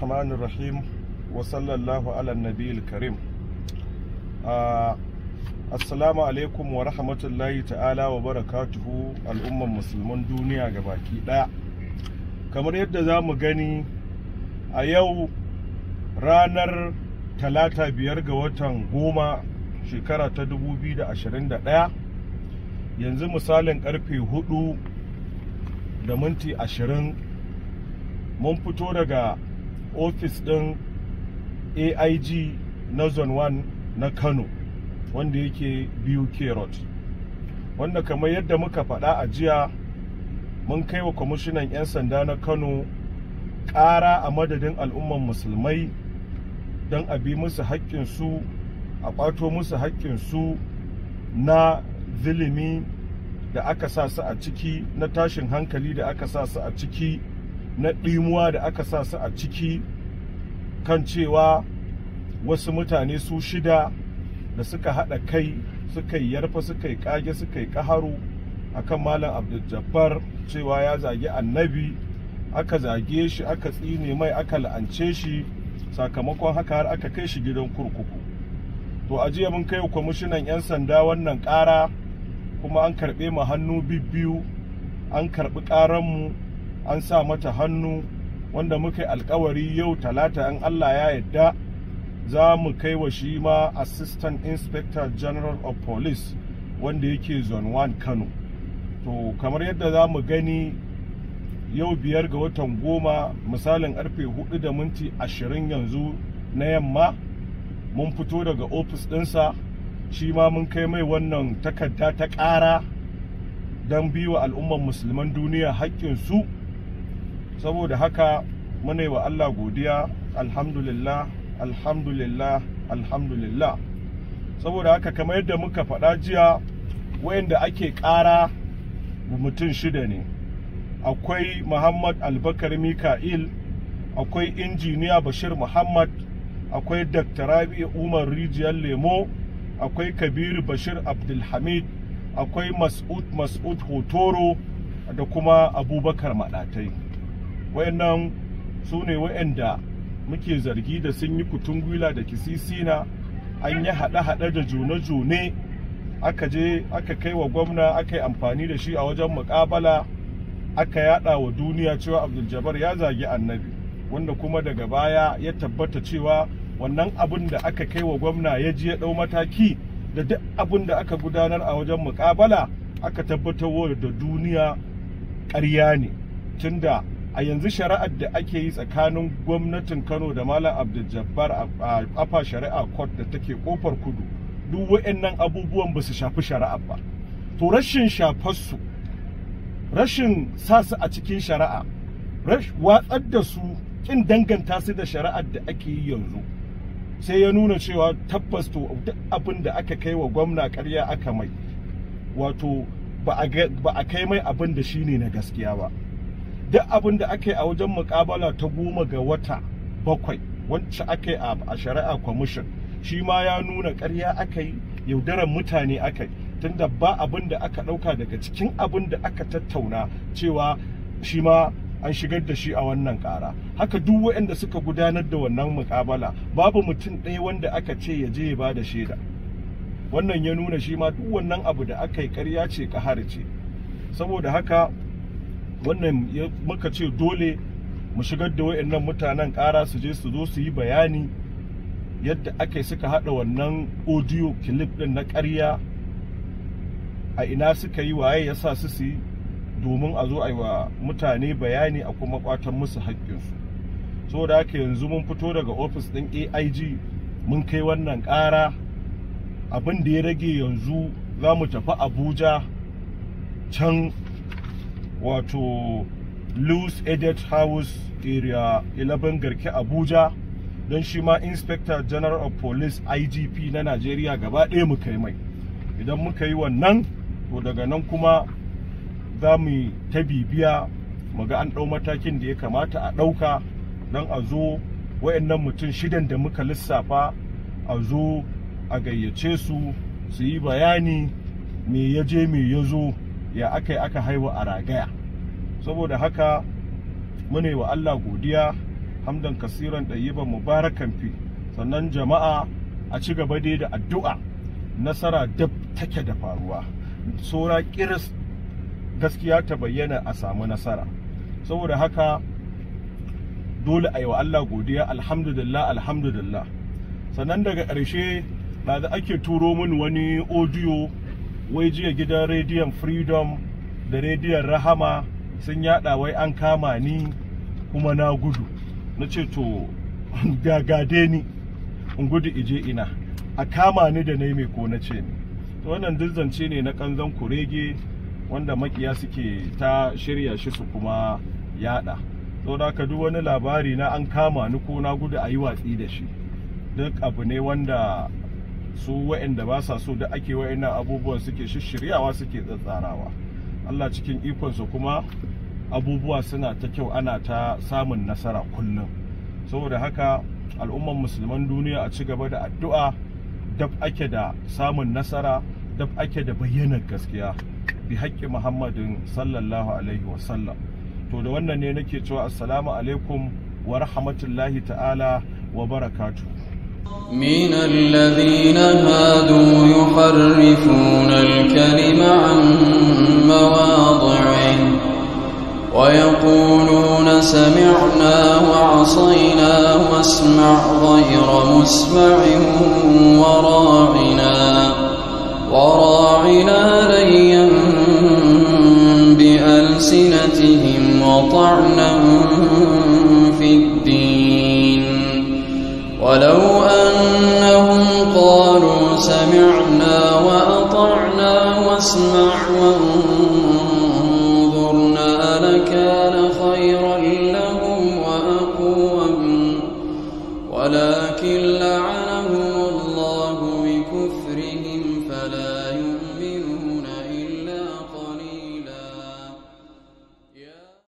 rahman rahim wa sallallahu ala ah, wa rahmatullahi ta'ala wa barakatuhu al'umman musulman duniya ga baki ɗaya. kamar yadda za mu gani a yau ranar talata biyar ga watan goma shekara ta dubu da ɗaya yanzu misalin karfe hudu da minti ashirin mun fito daga ofis ɗin aig na zone 1 na kano wanda yake biyu road wanda kamar yadda muka faɗa a jiya mun kai wa kwamishinan 'yan sanda na kano ƙara a madadin al'umman musulmai don a bi musu haƙƙinsu a ƙwato musu haƙƙinsu na zilimi da aka sa su a ciki na tashin hankali da aka sa su a ciki na ɗimuwa da aka sa su a ciki kan cewa wasu mutane su shida da suka haɗa kai suka yi yarfa suka yi ƙage suka yi ƙaharu akan malam abdul cewa ya zagi annabi aka zage shi aka tsine mai aka la'ance shi sakamakon haka har aka kai shi gidan kurkuku to a jiya mun kai kwamishinan 'yan sanda wannan ƙara kuma an karɓe mu hannu bibbiyu an karɓi ƙaranmu an sa mata hannu wanda muka yi alkawari yau talata in Allah ya yadda za mu kai wa shi ma assistant inspector general of police wanda yake zone 1 kano to kamar yadda za mu gani yau biyar ga watan goma misalin karfe hudu da minti ashirin yanzu na yamma mun fito daga ofis ɗinsa shi ma mun kai mai wannan takarda ta ƙara don biyu al'ummar musulman duniya haƙƙinsu su saboda haka muna wa Allah godiya alhamdulillah alhamdulillah alhamdulillah saboda haka kamar yadda muka faɗa jiya wayanda ake ƙara mutum shida ne akwai muhammad albakar mika'il akwai injiniya bashir muhammad akwai dr rabi umar rijiyar lemo akwai kabiru bashir abdulhamid akwai mas'ud mas'ud hotoro da kuma abubakar maɗatai wayannan su ne wayanda muke zargi da sun yi kutun gwila da kisisina an yi haɗe-haɗe da june-june aka je aka kai wa gwamna aka yi amfani da shi a wajen mukabala aka yada wa duniya cewa abdul ya zagi annabi wanda kuma daga baya ya tabbata cewa wannan abin da aka kai wa gwamna ya ji ya ɗau mataki da duk abin da aka gudanar a wajen mukabala aka tabbatar da duniya ƙarya ne tunda a yanzu shari'ar da ake yi tsakanin gwamnatin kano da malam abdul jabbar a afa shari'a court da take kofar kudu duk wa'annan abubuwan ba su shafi shari'a ba to rashin su rashin sa su a cikin shari'a watsar da su kin danganta su da shari'ar da ake yi yanzu sai ya nuna cewa tabbas to duk abin da aka kai wa gwamna karya aka mai wato ba a kai mai abin da shine na gaskiya ba duk abin da aka yi a wajen mukabala ta goma ga wata bakwai wacce aka yi a shari'a kwamishin shi ma ya nuna karya aka yi yaudarar mutane aka yi tunda ba abin da aka ɗauka daga cikin abin da aka tattauna cewa shi ma an shigar da shi a wannan ƙara haka duk waɗanda suka gudanar da wannan mukabala babu mutum ɗaya wanda aka ce ya je ya ba da shaida wannan ya nuna shi ma duk wannan abu da aka yi ƙarya ce ƙahar ce saboda haka wannan muka ce dole mu shigar da wayannan mutanen ƙara su je su zo su yi bayani yadda aka suka haɗa wannan audio clip ɗin na ƙarya a ina suka yi waye ya sa su su yi domin a zo a yi wa mutane bayani a kuma ƙwatan musu haƙƙinsu saboda haka yanzu mun fito daga ofis ɗin aig mun kai wannan ƙara abin da ya rage yanzu za mu tafi abuja can wato loose edit house area 11 garke abuja don shi ma inspector general of police igp na najeriya gaba ɗaya mu kai mai idan muka yi wannan to daga nan kuma za mu ta bibiya mu ga an ɗau matakin da ya kamata a ɗauka don a zo wa'annan mutum shidan da muka lissafa a zo a gayyace su su yi bayani me ya je me ya zo ya aka yi aka haihu a ragaya saboda haka mune wa Allah godiya hamdan kasiran ɗayyiban mubarakan fi sannan jama'a a ci gaba dai da addu'a nasara dab take da faruwa tsora kiris gaskiya ta bayyana a samu nasara saboda haka dole a yi wa Allah godiya alhamdulillah alhamdulillah sannan daga ƙarshe da ake turo min wani audio. wai jiya gidan rediyon freedom da rediyon rahama sun yada wai an kama ni kuma na gudu na ce to gagade ni in gudu ije ina a kama ni da nai mai ko na ce ni wannan dizzance ne na kanzon kurege wanda makiya suke ta shirya shi su kuma yada saboda ka duk wani labari na an kama ni ko na gudu a yi watsi da shi duk abu ne wanda su wa'anda ba sa so da ake wa'annan abubuwan suke shirshiryawa suke tsatsarawa Allah cikin ikonsa kuma abubuwa suna ta kyau ana ta samun nasara kullum saboda haka al'umman musulman duniya a ci gaba da addu'a dab ake da samun nasara dab ake da bayyanar gaskiya bi haƙƙi muhammadin sallallahu alaihi wasallam to da wannan ne nake cewa assalamu alaikum wa rahmatullahi ta'ala wa barakatuh من الذين هادوا يحرفون الكلم عن مواضعه ويقولون سمعنا وعصينا واسمع غير مسمع وراعنا وراعنا ليا بألسنتهم وطعنا ولو أنهم قالوا سمعنا وأطعنا واسمع وانظرنا لكان خيرا لهم وأقوم ولكن لهم